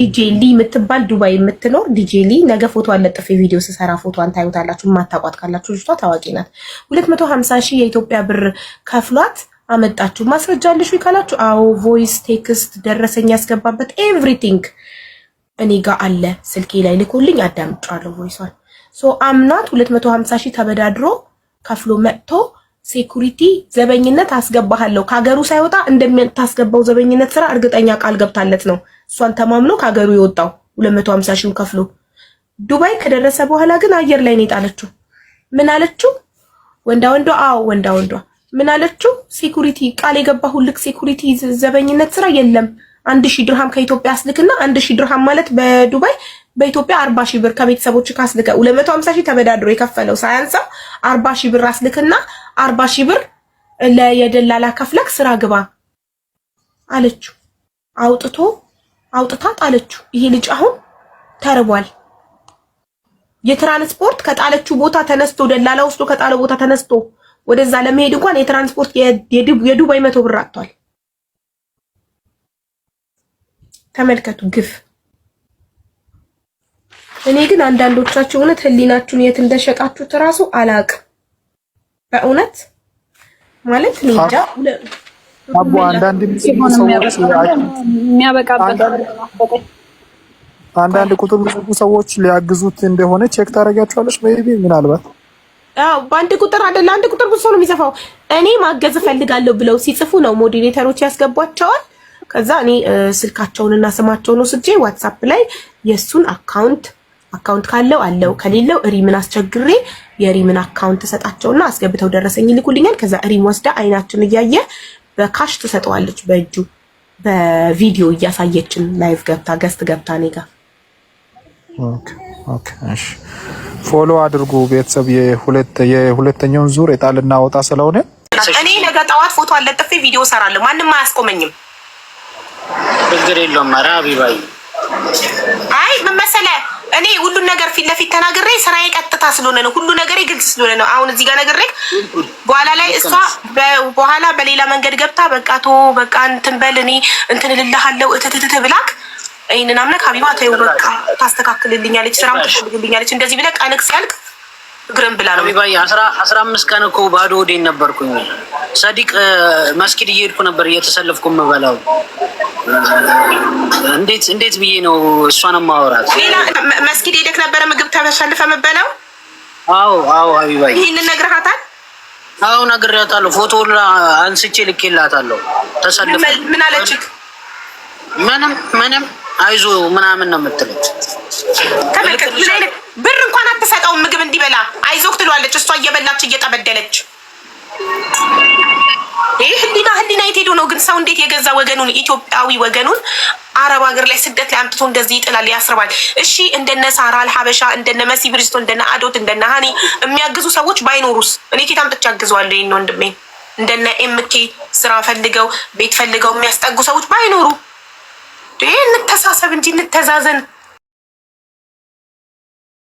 ዲጄሊ የምትባል ዱባይ የምትኖር ዲጄሊ ነገ ፎቶ አለጥፍ ቪዲዮ ስሰራ ፎቶን ታዩታላችሁ። ማታቋት ካላችሁ ልጅቷ ታዋቂ ናት። ሁለት መቶ ሀምሳ ሺህ የኢትዮጵያ ብር ከፍሏት አመጣችሁ። ማስረጃ አለሽ ካላችሁ አዎ፣ ቮይስ ቴክስት፣ ደረሰኝ ያስገባበት ኤቭሪቲንግ እኔ ጋር አለ። ስልኬ ላይ ልኮልኝ አዳምጫለሁ ቮይሷን። ሶ አምናት ሁለት መቶ ሀምሳ ሺህ ተበዳድሮ ከፍሎ መጥቶ ሴኩሪቲ ዘበኝነት አስገባሃለሁ ከሀገሩ ሳይወጣ እንደምታስገባው ዘበኝነት ስራ እርግጠኛ ቃል ገብታለት ነው እሷን ተማምኖ ከሀገሩ የወጣው 250 ሺህ ከፍሎ ዱባይ ከደረሰ በኋላ ግን አየር ላይ ነው የጣለችው። ምን አለችው? ወንዳ ወንዷ፣ አዎ ወንዳ ወንዷ ምን አለችው? ሴኩሪቲ ቃል የገባ ሁልክ ሴኩሪቲ ዘበኝነት ስራ የለም። አንድ ሺህ ድርሃም ከኢትዮጵያ አስልክና አንድ ሺህ ድርሃም ማለት በዱባይ በኢትዮጵያ አርባ ሺህ ብር ከቤተሰቦች ካስልከ ሁለት ሺህ ተበዳድሮ የከፈለው ሳያንሳው አርባ ሺህ ብር አስልክና አርባ ሺህ ብር ለየደላላ ከፍለክ ስራ ግባ አለችው አውጥቶ አውጥታ ጣለችው። ይሄ ልጅ አሁን ተርቧል። የትራንስፖርት ከጣለችው ቦታ ተነስቶ ደላላ ውስጥ ከጣለው ቦታ ተነስቶ ወደዛ ለመሄድ እንኳን የትራንስፖርት የዱባይ መቶ ብር አጥቷል። ተመልከቱ ግፍ። እኔ ግን አንዳንዶቻችሁ እውነት ህሊናችሁን የት እንደሸጣችሁት እራሱ አላቅም በእውነት ማለት እኔ እንጃ አቦ አንዳንድ አንዳንድ ቁጥር ብዙ ሰዎች ሊያግዙት እንደሆነ ቼክ ታደርጊያቸዋለሽ። ቤቢ ምናልባት በአንድ ቁጥር አይደለ፣ አንድ ቁጥር ብዙ ሰው ነው የሚጽፈው። እኔ ማገዝ እፈልጋለሁ ብለው ሲጽፉ ነው ሞዲሬተሮች ያስገቧቸዋል። ከዛ እኔ ስልካቸውንና ስማቸውን ወስጄ ዋትሳፕ ላይ የእሱን አካውንት አካውንት ካለው አለው ከሌለው ሪምን አስቸግሬ የሪምን አካውንት ሰጣቸውና አስገብተው ደረሰኝ ይልኩልኛል። ከዛ ሪም ወስዳ አይናችን እያየ በካሽ ትሰጠዋለች በእጁ በቪዲዮ እያሳየችን ላይቭ ገብታ ገስት ገብታ እኔ ጋር ፎሎ አድርጉ ቤተሰብ። የሁለተኛውን ዙር የጣልና ወጣ ስለሆነ እኔ ነገ ጠዋት ፎቶ አለጥፌ ቪዲዮ ሰራለሁ። ማንም አያስቆመኝም። ችግር የለውም። ኧረ አቢባዬ አይ ምን መሰለህ እኔ ሁሉን ነገር ፊት ለፊት ተናግሬ ስራዬ ቀጥታ ስለሆነ ነው፣ ሁሉ ነገር ግልጽ ስለሆነ ነው። አሁን እዚህ ጋር ነገሬ በኋላ ላይ እሷ በኋላ በሌላ መንገድ ገብታ በቃ ቶ በቃ እንትን በል እኔ እንትን ልልሃለው እትትት ብላክ ይህንን አምነክ ሀቢባ ተይው በቃ ታስተካክልልኛለች፣ ስራም ትፈልግልኛለች እንደዚህ ብለህ ቀንቅ ሲያልቅ እግረም ብላ ነው ባየ አስራ አምስት ቀን እኮ ባዶ ወዴን ነበርኩኝ። ሰዲቅ መስጊድ እየሄድኩ ነበር እየተሰለፍኩ የምበላው። እንዴት እንዴት ብዬ ነው እሷን ማወራት? መስጊድ ሄደክ ነበረ ምግብ ተሰልፈ የምበላው? አዎ አዎ፣ ሀቢባዬ ይህንን ነግረሃታል? አዎ ነግሬያታለሁ። ፎቶ አንስቼ ልኬላታለሁ። ተሰልፈ ምን አለችህ? ምንም ምንም አይዞ ምናምን ነው የምትለች እንኳን አትሰጠውም ምግብ እንዲበላ አይዞክ ትሏለች። እሷ እየበላች እየጠበደለች ይህ ህሊና ህሊና የት ሄዶ ነው ግን? ሰው እንዴት የገዛ ወገኑን ኢትዮጵያዊ ወገኑን አረብ ሀገር ላይ ስደት ላይ አምጥቶ እንደዚህ ይጥላል፣ ያስርባል። እሺ እንደነ ሳራ አልሀበሻ እንደነ መሲ ብሪስቶ እንደነ አዶት እንደነ ሀኒ የሚያግዙ ሰዎች ባይኖሩስ? እኔ ኬት አምጥቼ አግዘዋለሁ ይህን ወንድሜ። እንደነ ኤምኬ ስራ ፈልገው ቤት ፈልገው የሚያስጠጉ ሰዎች ባይኖሩ እንተሳሰብ እንጂ እንተዛዘን።